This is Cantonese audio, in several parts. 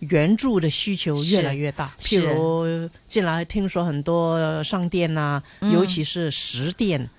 援助的需求越來越大，是譬如近是來聽說很多商店呐、啊，嗯、尤其是食店。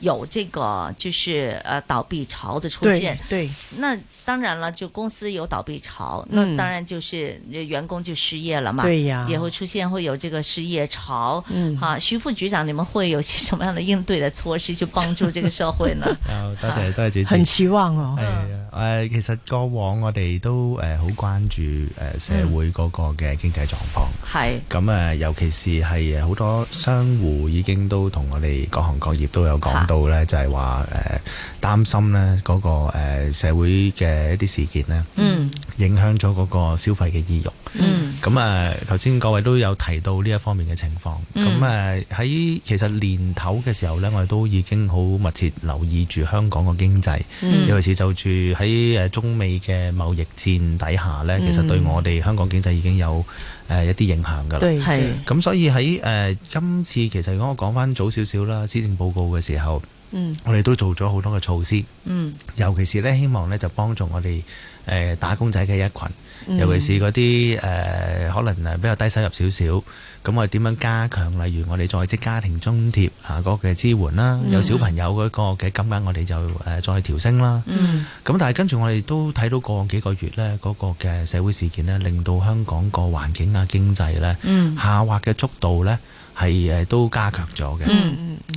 有這個就是呃倒閉潮的出現，對，對那當然了，就公司有倒閉潮，嗯、那當然就是員工就失業了嘛，對呀，也會出現會有這個失業潮，嗯，哈、啊，徐副局長，你們會有些什麼樣的應對的措施去幫助這個社會呢？啊 哦，多謝，多謝主持人 很期望哦。係、哎呃、其實過往我哋都誒好、呃、關注社會嗰個嘅經濟狀況。嗯係咁啊，尤其是係好多商戶已經都同我哋各行各業都有講到咧，就係話誒擔心咧嗰個誒社會嘅一啲事件咧，影響咗嗰個消費嘅意欲。嗯，咁啊，頭先各位都有提到呢一方面嘅情況。咁誒喺其實年頭嘅時候咧，我哋都已經好密切留意住香港個經濟，尤其是就住喺誒中美嘅貿易戰底下咧，其實對我哋香港經濟已經有誒，呃、一啲影響㗎喇。係咁，嗯，所以喺誒、呃、今次其實如果我講返早少少啦，施政報告嘅時候，嗯，我哋都做咗好多嘅措施，嗯，尤其是咧希望咧就幫助我哋誒、呃、打工仔嘅一群。尤其是嗰啲誒可能誒比較低收入少少，咁我哋點樣加強？例如我哋在職家庭津貼嚇嗰個嘅支援啦，有小朋友嗰個嘅金額我哋就誒再調升啦。咁但係跟住我哋都睇到過幾個月咧，嗰個嘅社會事件咧，令到香港個環境啊、經濟咧下滑嘅速度咧係誒都加強咗嘅。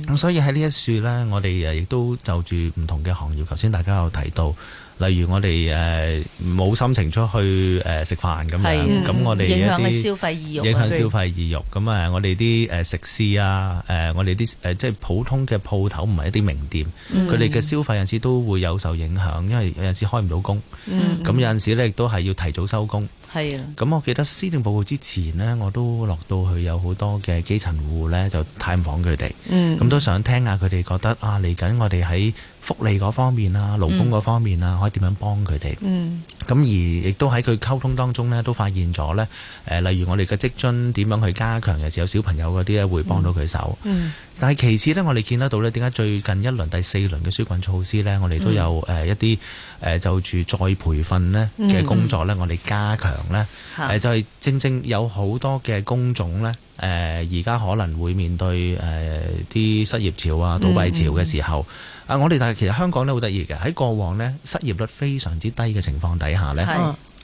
咁所以喺呢一樹咧，我哋誒亦都就住唔同嘅行業，頭先大家有提到。例如我哋誒冇心情出去誒食飯咁樣，咁是我哋一啲影響消費意欲，對影響消費意欲。咁啊，我哋啲誒食肆啊，誒我哋啲即係普通嘅鋪頭，唔係一啲名店，佢哋嘅消費有陣時都會有受影響，因為有陣時開唔到工，咁、嗯、有陣時咧亦都係要提早收工。係啊，咁我記得施政報告之前呢，我都落到去有好多嘅基層戶咧，就探訪佢哋。嗯，咁都想聽下佢哋覺得啊，嚟緊我哋喺福利嗰方面啊、勞工嗰方面啊，可以點樣幫佢哋？嗯，咁而亦都喺佢溝通當中咧，都發現咗咧，誒，例如我哋嘅積樽點樣去加強嘅時候，有小朋友嗰啲咧會幫到佢手。嗯。但係其次咧，我哋見得到咧，點解最近一輪第四輪嘅紓困措施咧，我哋都有一啲誒、嗯呃、就住再培訓呢嘅工作咧，我哋加強咧、嗯呃，就係、是、正正有好多嘅工種咧，誒而家可能會面對誒啲、呃、失業潮啊、倒閉潮嘅時候啊，我哋、嗯嗯、但係其實香港咧好得意嘅，喺過往咧失業率非常之低嘅情況底下咧。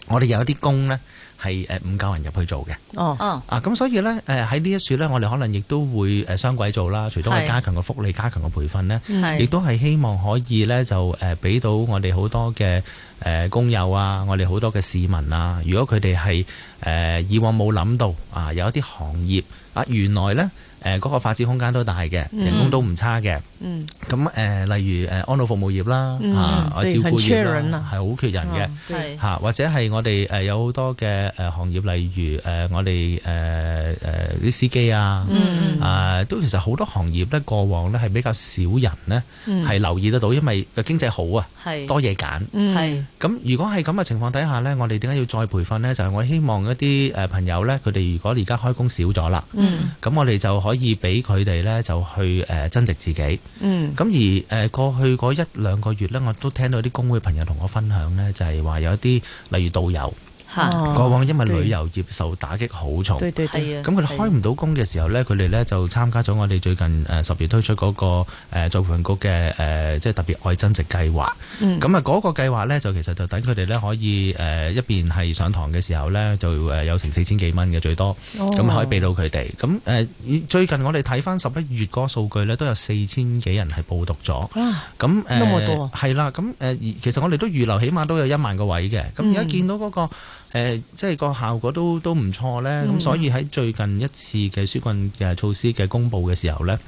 我哋有一啲工咧，係誒唔夠人入去做嘅。哦，啊，咁所以咧，誒喺呢一處咧，我哋可能亦都會誒雙軌做啦，除咗係加強個福利、加強個培訓咧，亦都係希望可以咧就誒俾到我哋好多嘅。誒、呃、工友啊，我哋好多嘅市民啊，如果佢哋係誒以往冇諗到啊，有一啲行業，啊，原來呢誒嗰、呃那個發展空間都大嘅，嗯、人工都唔差嘅。咁誒、嗯呃，例如、啊、安老服務業啦，嚇、嗯啊，照顧業啦，係好、啊、缺人嘅、哦啊。或者係我哋誒有好多嘅行業，例如誒、啊、我哋誒啲司機啊，嗯、啊，都其實好多行業呢，過往呢係比較少人呢，係、嗯、留意得到，因為個經濟好啊，係多嘢揀，嗯，係。咁如果係咁嘅情況底下呢，我哋點解要再培訓呢？就係我希望一啲誒朋友呢，佢哋如果而家開工少咗啦，嗯，咁我哋就可以俾佢哋呢就去誒增值自己。嗯，咁而誒過去嗰一兩個月呢，我都聽到啲工會朋友同我分享呢，就係話有一啲例如導遊。嗯、過往因為旅遊業受打擊好重，咁佢哋開唔到工嘅時候呢，佢哋呢就參加咗我哋最近誒十月推出嗰個再培訓局嘅即係特別愛增值計劃。咁啊嗰個計劃呢，就其實就等佢哋呢可以一邊係上堂嘅時候呢，就誒有成四千幾蚊嘅最多，咁、哦、可以俾到佢哋。咁、呃、最近我哋睇返十一月嗰個數據呢，都有四千幾人係報讀咗，咁誒係啦。咁、呃呃、其實我哋都預留起碼都有一萬個位嘅。咁而家見到嗰、那個。嗯誒、呃，即係個效果都都唔錯咧，咁、嗯、所以喺最近一次嘅紓困嘅措施嘅公布嘅時候咧。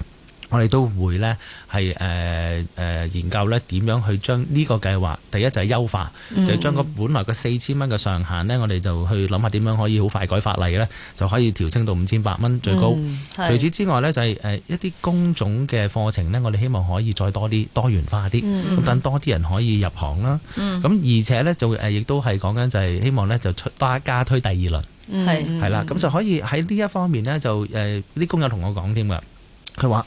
我哋都會呢係誒誒研究呢點樣去將呢個計劃，第一就係優化，嗯、就將個本來個四千蚊嘅上限呢、嗯、我哋就去諗下點樣可以好快改法例呢就可以調升到五千八蚊最高。嗯、除此之外呢，就係、是、一啲工種嘅課程呢我哋希望可以再多啲多元化啲，咁等、嗯、多啲人可以入行啦。咁、嗯、而且呢，就亦都係講緊就係希望呢，就出加推第二輪，係係、嗯、啦，咁、嗯、就可以喺呢一方面呢，就誒啲、呃、工友同我講添㗎。佢話：，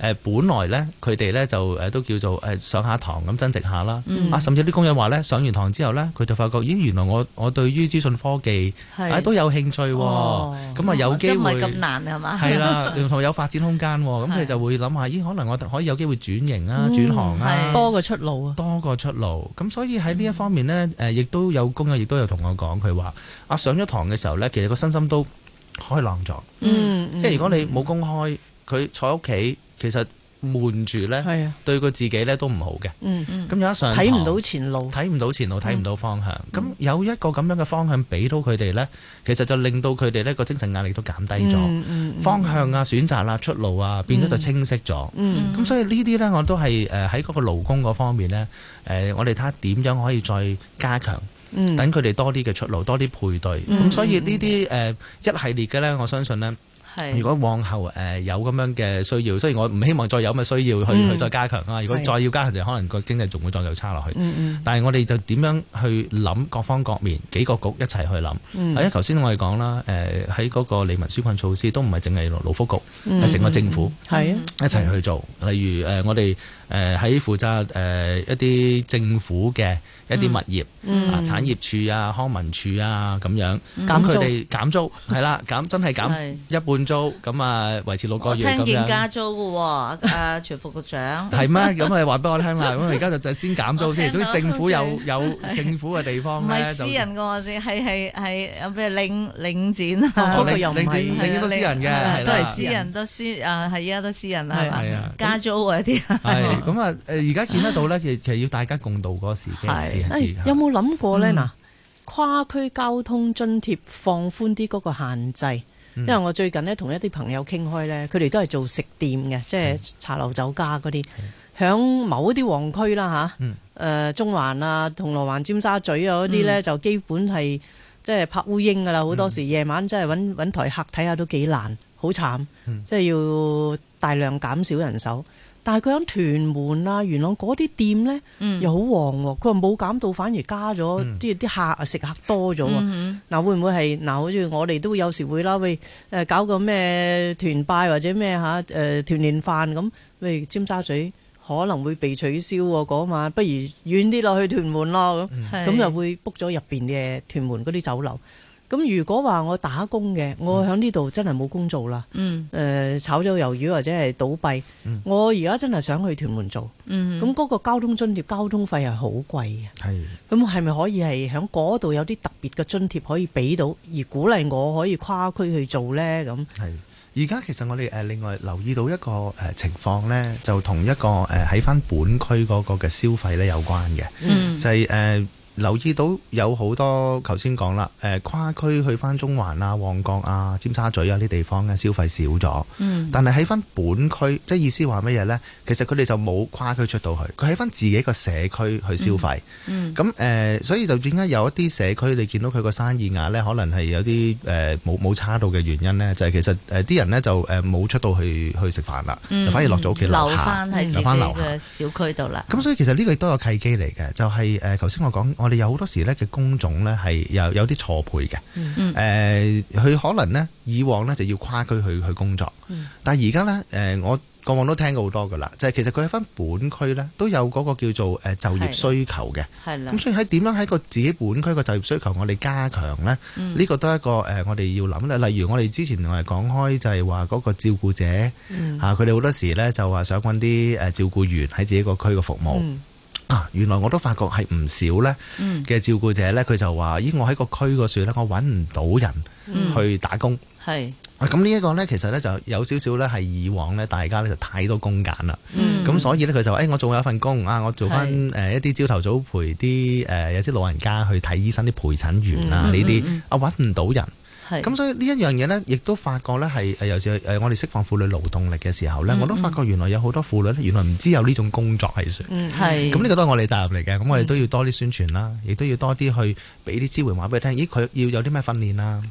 誒誒，本來咧，佢哋咧就誒都叫做誒上下堂咁增值下啦。啊，甚至啲工人話咧，上完堂之後咧，佢就發覺，咦，原來我我對於資訊科技啊都有興趣，咁啊有機會，唔係咁難係嘛？係啦，仲有發展空間，咁佢就會諗下，咦，可能我可以有機會轉型啦、轉行啦，多個出路啊，多個出路。咁所以喺呢一方面咧，誒亦都有工人，亦都有同我講，佢話：，啊，上咗堂嘅時候咧，其實個身心都開朗咗。嗯，即係如果你冇工開。佢坐喺屋企，其實悶住咧，對佢自己咧都唔好嘅。嗯嗯，咁有一常睇唔到前路，睇唔到前路，睇唔到方向。咁有一個咁樣嘅方向，俾到佢哋咧，其實就令到佢哋呢個精神壓力都減低咗。嗯嗯，方向啊、選擇啊、出路啊，變咗就清晰咗。嗯，咁所以呢啲咧，我都係誒喺嗰個勞工嗰方面咧，誒，我哋睇下點樣可以再加強，等佢哋多啲嘅出路，多啲配對。咁所以呢啲誒一系列嘅咧，我相信咧。如果往後誒、呃、有咁樣嘅需要，雖然我唔希望再有咁嘅需要去去再加強啊，嗯、如果再要加強就可能個經濟仲會再有差落去。嗯嗯、但係我哋就點樣去諗各方各面幾個局一齊去諗。嗯。頭先我哋講啦，誒喺嗰個利民紓困措施都唔係淨係勞福局，係成個政府係一齊去做。例如誒、呃，我哋。誒喺負責誒一啲政府嘅一啲物業啊、產業處啊、康文署啊，咁樣減佢哋減租係啦，減真係減一半租咁啊，維持六個月。我聽見加租嘅喎，阿徐副局長係咩？咁你話俾我聽啦。咁我而家就就先減租先。所以政府有有政府嘅地方咩？唔係私人嘅，我哋係係係有咩領領展啊？領領展領展都私人嘅，都係私人都私啊係啊都私人係嘛？加租啊啲。咁啊，而家見得到咧，其實其實要大家共度嗰個時機。有冇諗過咧？嗱、嗯，跨區交通津貼放寬啲嗰個限制，因為我最近咧同一啲朋友傾開咧，佢哋都係做食店嘅，即係茶樓、酒家嗰啲，喺、嗯、某啲旺區啦嚇，中環啊、銅鑼灣、尖沙咀啊嗰啲咧，嗯、就基本係即係拍烏蠅噶啦，好多時夜、嗯、晚即係揾揾台客睇下都幾難，好慘，嗯、即係要大量減少人手。但係佢響屯門啊、元朗嗰啲店咧，嗯、又好旺喎、哦。佢話冇減到，反而加咗啲啲客食客多咗。嗱、嗯、哼會唔會係嗱？好似我哋都有時會啦，喂誒搞個咩團拜或者咩吓誒團年飯咁，喂尖沙咀可能會被取消喎、哦。嗰、那個、晚不如遠啲落去屯門咯，咁咁就會 book 咗入邊嘅屯門嗰啲酒樓。咁如果話我打工嘅，我喺呢度真係冇工做啦。嗯，誒、呃，炒咗魷魚或者係倒閉，嗯、我而家真係想去屯門做。嗯，咁嗰個交通津貼、交通費係好貴嘅。係是，咁係咪可以係喺嗰度有啲特別嘅津貼可以俾到，而鼓勵我可以跨區去做呢？咁係，而家其實我哋誒另外留意到一個誒情況呢，就同一個誒喺返本區嗰個嘅消費呢有關嘅。嗯，就係、是、誒。呃留意到有好多，頭先講啦，誒跨區去翻中環啊、旺角啊、尖沙咀啊啲地方嘅消費少咗。嗯。但係喺翻本區，即係意思話乜嘢呢？其實佢哋就冇跨區出到去，佢喺翻自己個社區去消費。嗯。咁誒，所以就點解有一啲社區你見到佢個生意額呢，可能係有啲誒冇冇差到嘅原因呢，就係其實誒啲人呢就誒冇出到去去食飯啦，就反而落咗屋企留翻喺自己嘅小區度啦。咁所以其實呢個亦都有契機嚟嘅，就係誒頭先我講。我哋有好多時咧嘅工種咧係有有啲錯配嘅，誒、嗯，佢、呃、可能咧以往咧就要跨區去去工作，嗯，但係而家咧，誒，我過往都聽過好多噶啦，就係、是、其實佢喺翻本區咧都有嗰個叫做誒就業需求嘅，係啦，咁所以喺點樣喺個自己本區個就業需求我哋加強咧，呢，嗯，個都係一個誒我哋要諗啦，例如我哋之前同人講開就係話嗰個照顧者，吓佢哋好多時咧就話想搵啲誒照顧員喺自己個區嘅服務。嗯啊！原來我都發覺係唔少咧嘅照顧者咧，佢、嗯、就話：咦！我喺個區嗰處咧，我揾唔到人去打工。係，咁呢一個咧，其實咧就有少少咧係以往咧，大家咧就太多工揀啦。咁、嗯、所以咧，佢就話：誒，我仲有一份工啊，我做翻誒一啲朝頭早陪啲誒有啲老人家去睇醫生啲陪診員啊，呢啲啊揾唔到人。咁是所以這呢一樣嘢咧，亦都發覺咧係誒，有時我哋釋放婦女勞動力嘅時候咧，嗯嗯我都發覺原來有好多婦女咧，原來唔知有呢種工作喺算。係、嗯。咁呢個都係我哋責任嚟嘅，咁我哋都要多啲宣傳啦，嗯、亦都要多啲去俾啲機會，話俾佢聽，咦，佢要有啲咩訓練啦，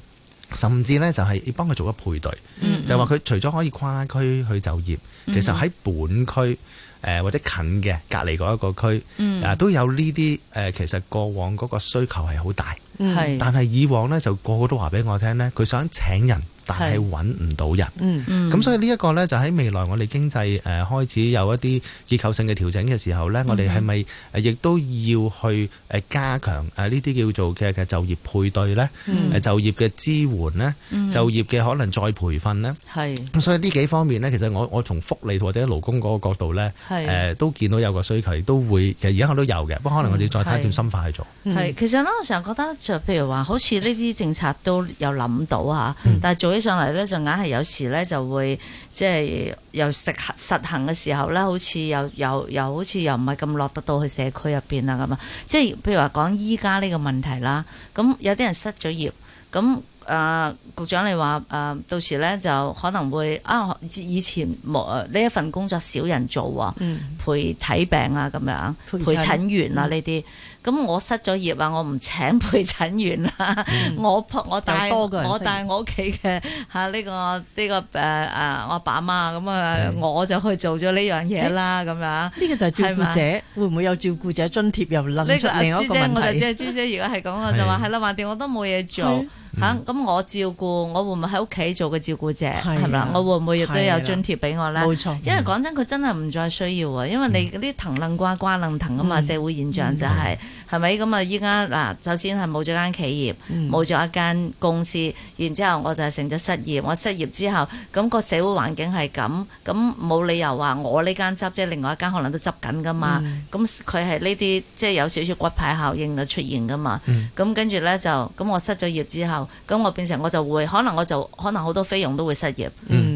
甚至咧就係要幫佢做一配對，嗯嗯就話佢除咗可以跨區去就業，嗯、哼其實喺本區誒、呃、或者近嘅隔離嗰一個區，嗯呃、都有呢啲誒，其實過往嗰個需求係好大。嗯，係，但係以往咧就個個都話畀我聽咧，佢想請人。但係揾唔到人，咁、嗯嗯、所以呢一個呢，就喺未來我哋經濟誒、呃、開始有一啲結構性嘅調整嘅時候呢，嗯、我哋係咪亦都要去誒加強誒呢啲叫做嘅嘅就業配對呢？嗯啊、就業嘅支援呢，嗯、就業嘅可能再培訓呢？係咁是，所以呢幾方面呢，其實我我從福利或者勞工嗰個角度呢是、呃，都見到有個需求，都會其實而家我都有嘅，不過可能我哋再睇點心法去做。係、嗯、其實呢，我成日覺得就譬如話，好似呢啲政策都有諗到啊。嗯、但係做。起上嚟咧，就硬係有時咧就會即係又實行實行嘅時候咧，好似又又又好似又唔係咁落得到去社區入邊啊咁啊！即係譬如話講依家呢個問題啦，咁有啲人失咗業，咁啊局長你話啊，到時咧就可能會啊以前冇呢一份工作少人做啊，嗯、陪睇病啊咁樣，陪診員啊呢啲。咁我失咗業啊，我唔請陪診員啦，我抱我帶我帶我屋企嘅嚇呢個呢個誒誒我阿爸媽咁啊，我就去做咗呢樣嘢啦咁樣。呢個就係照顧者，會唔會有照顧者津貼又另一個問題？朱姐我就即係朱姐，如果係咁我就話係啦，橫掂我都冇嘢做嚇，咁我照顧我會唔會喺屋企做個照顧者係咪啦？我會唔會亦都有津貼俾我咧？冇錯，因為講真佢真係唔再需要啊，因為你嗰啲騰楞瓜、瓜楞騰啊嘛，社會現象就係。係咪咁啊？依家嗱，首先係冇咗間企業，冇咗、嗯、一間公司，然之後我就係成咗失業。我失業之後，咁、那個社會環境係咁，咁冇理由話我呢間執，即係另外一間可能都執緊㗎嘛。咁佢係呢啲即係有少少骨牌效應就出現㗎嘛。咁、嗯、跟住咧就，咁我失咗業之後，咁我變成我就會可能我就可能好多菲傭都會失業，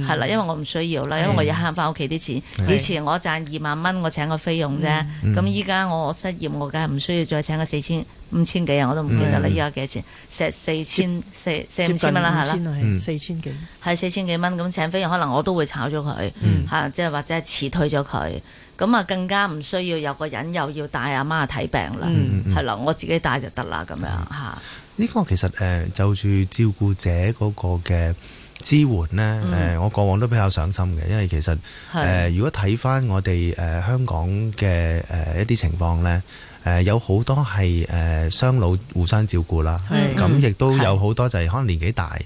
係啦、嗯，因為我唔需要啦，因為我要慳翻屋企啲錢。嗯、以前我賺二萬蚊，我請個菲傭啫。咁依家我失業，我梗係唔需要。再請個四千五千幾啊，我都唔記得啦。依家幾多錢？四千四四五千蚊啦，係啦、嗯。四千幾係四千幾蚊。咁、嗯、請飛人，可能我都會炒咗佢嚇，即係、嗯、或者係辭退咗佢。咁啊，更加唔需要有個人又要帶阿媽睇病啦。係啦、嗯，我自己帶就得啦。咁、嗯嗯、樣嚇。呢、嗯這個其實誒、呃，就住照顧者嗰個嘅。支援呢，誒、呃，我過往都比較上心嘅，因為其實誒、呃，如果睇翻我哋誒、呃、香港嘅誒、呃、一啲情況呢，誒、呃、有好多係誒、呃、雙老互相照顧啦，咁亦是都有好多就係可能年紀大，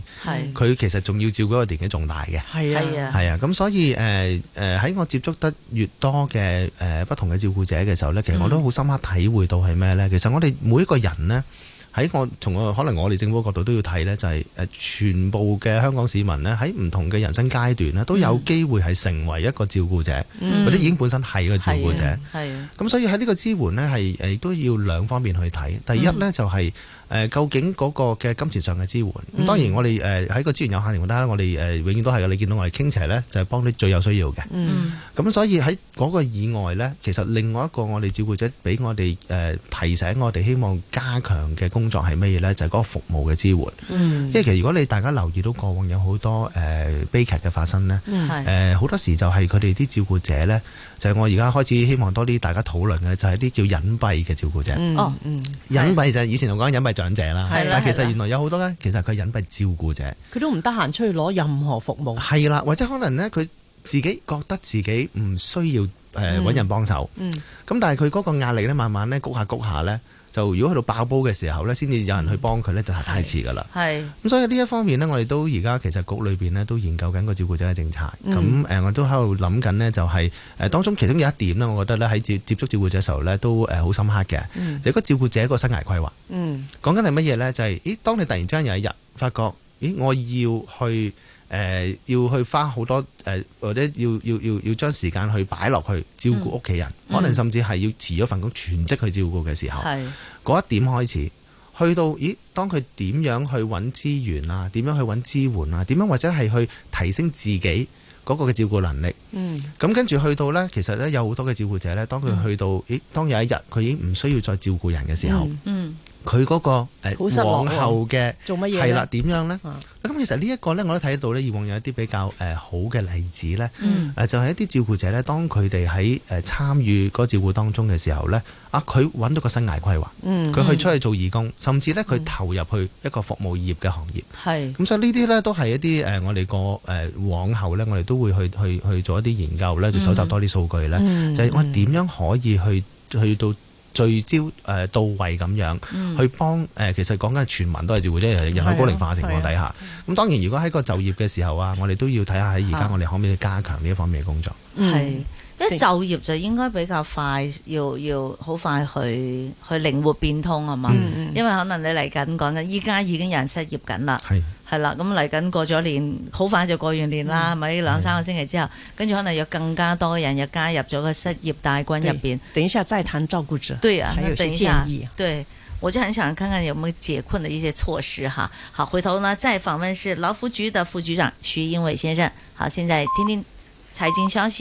佢是其實仲要照顧個年紀仲大嘅，係啊，係啊，咁、啊、所以誒誒喺我接觸得越多嘅誒、呃、不同嘅照顧者嘅時候呢，其實我都好深刻體會到係咩呢？其實我哋每一個人呢。喺我從我可能我哋政府角度都要睇呢，就係、誒、全部嘅香港市民呢，喺唔同嘅人生階段呢都有機會係成為一個照顧者，嗯、或者已經本身係一個照顧者。係啊，咁所以喺呢個支援呢，係誒都要兩方面去睇。第一呢、就係，就係、嗯。誒，究竟嗰個嘅金錢上嘅支援咁，嗯、當然我哋誒喺個資源有限情況底下，我哋誒永遠都係嘅。你見到我哋傾斜咧，就係幫啲最有需要嘅。咁、嗯、所以喺嗰個以外咧，其實另外一個我哋照顧者俾我哋提醒我哋希望加強嘅工作係咩嘢咧？就係、是、嗰個服務嘅支援。因為、嗯、其實如果你大家留意到過往有好多誒悲劇嘅發生咧，好、嗯、多時就係佢哋啲照顧者咧，就係、是、我而家開始希望多啲大家討論嘅，就係啲叫隱蔽嘅照顧者。嗯哦嗯、隱蔽就係以前同講隱蔽、就是長者啦，係，但其實原來有好多咧，其實佢係隱蔽照顧者，佢都唔得閒出去攞任何服務，係啦，或者可能咧，佢自己覺得自己唔需要誒，呃嗯、搵人幫手，咁、嗯、但係佢嗰個壓力咧，慢慢咧，谷下谷下咧。就如果去到爆煲嘅時候咧，先至有人去幫佢咧，嗯、就太遲噶啦。係咁，所以呢一方面咧，我哋都而家其實局裏邊咧都研究緊個照顧者嘅政策。咁誒、嗯，我都喺度諗緊呢，就係誒當中其中有一點咧，我覺得咧喺接接觸照顧者嘅時候咧，都誒好深刻嘅。嗯、就係個照顧者一個生涯規劃。嗯，講緊係乜嘢咧？就係、是、咦，當你突然之間有一日發覺，咦，我要去。誒、呃、要去花好多誒、呃，或者要要要要將時間去擺落去照顧屋企人，嗯、可能甚至係要辭咗份工全職去照顧嘅時候，嗰是一點開始去到，咦？當佢點樣去揾資源啊？點樣去揾支援啊？點樣或者係去提升自己嗰個嘅照顧能力？嗯，咁跟住去到呢，其實呢，有好多嘅照顧者呢，當佢去到，咦？當有一日佢已經唔需要再照顧人嘅時候，嗯。嗯佢嗰、那個誒往後嘅做乜嘢係啦，點樣咧？咁、啊、其實這呢一個咧，我都睇到咧，以往有一啲比較誒好嘅例子咧，誒、嗯、就係一啲照顧者咧，當佢哋喺誒參與嗰個照顧當中嘅時候咧，啊，佢揾到個生涯規劃，佢、嗯、去出去做義工，嗯、甚至咧佢投入去一個服務業嘅行業。係咁、嗯，所以這些呢啲咧都係一啲誒，我哋個誒往後咧，我哋都會去去去做一啲研究咧，就搜集多啲數據咧，嗯嗯、就係我點樣可以去去到。聚焦誒到位咁樣，嗯、去幫誒、呃、其實講緊全民都係照顧，即係人口高齡化嘅情況底下。咁當然，如果喺個就業嘅時候啊，我哋都要睇下喺而家我哋可唔可以加強呢一方面嘅工作。係，因為就業就應該比較快要，要要好快去去靈活變通吖嘛？嗯、因為可能你嚟緊講緊，依家已經有人失業緊啦。係。係啦，咁嚟緊過咗年，好快就過完年啦，咪兩三個星期之後，跟住可能有更加多人又加入咗個失業大軍入邊。等一下再談照顧者。對啊，等一下。對，我就很想看看有冇解困的一些措施哈。好，回頭呢再訪問是勞福局的副局長徐英偉先生。好，現在聽聽財經消息。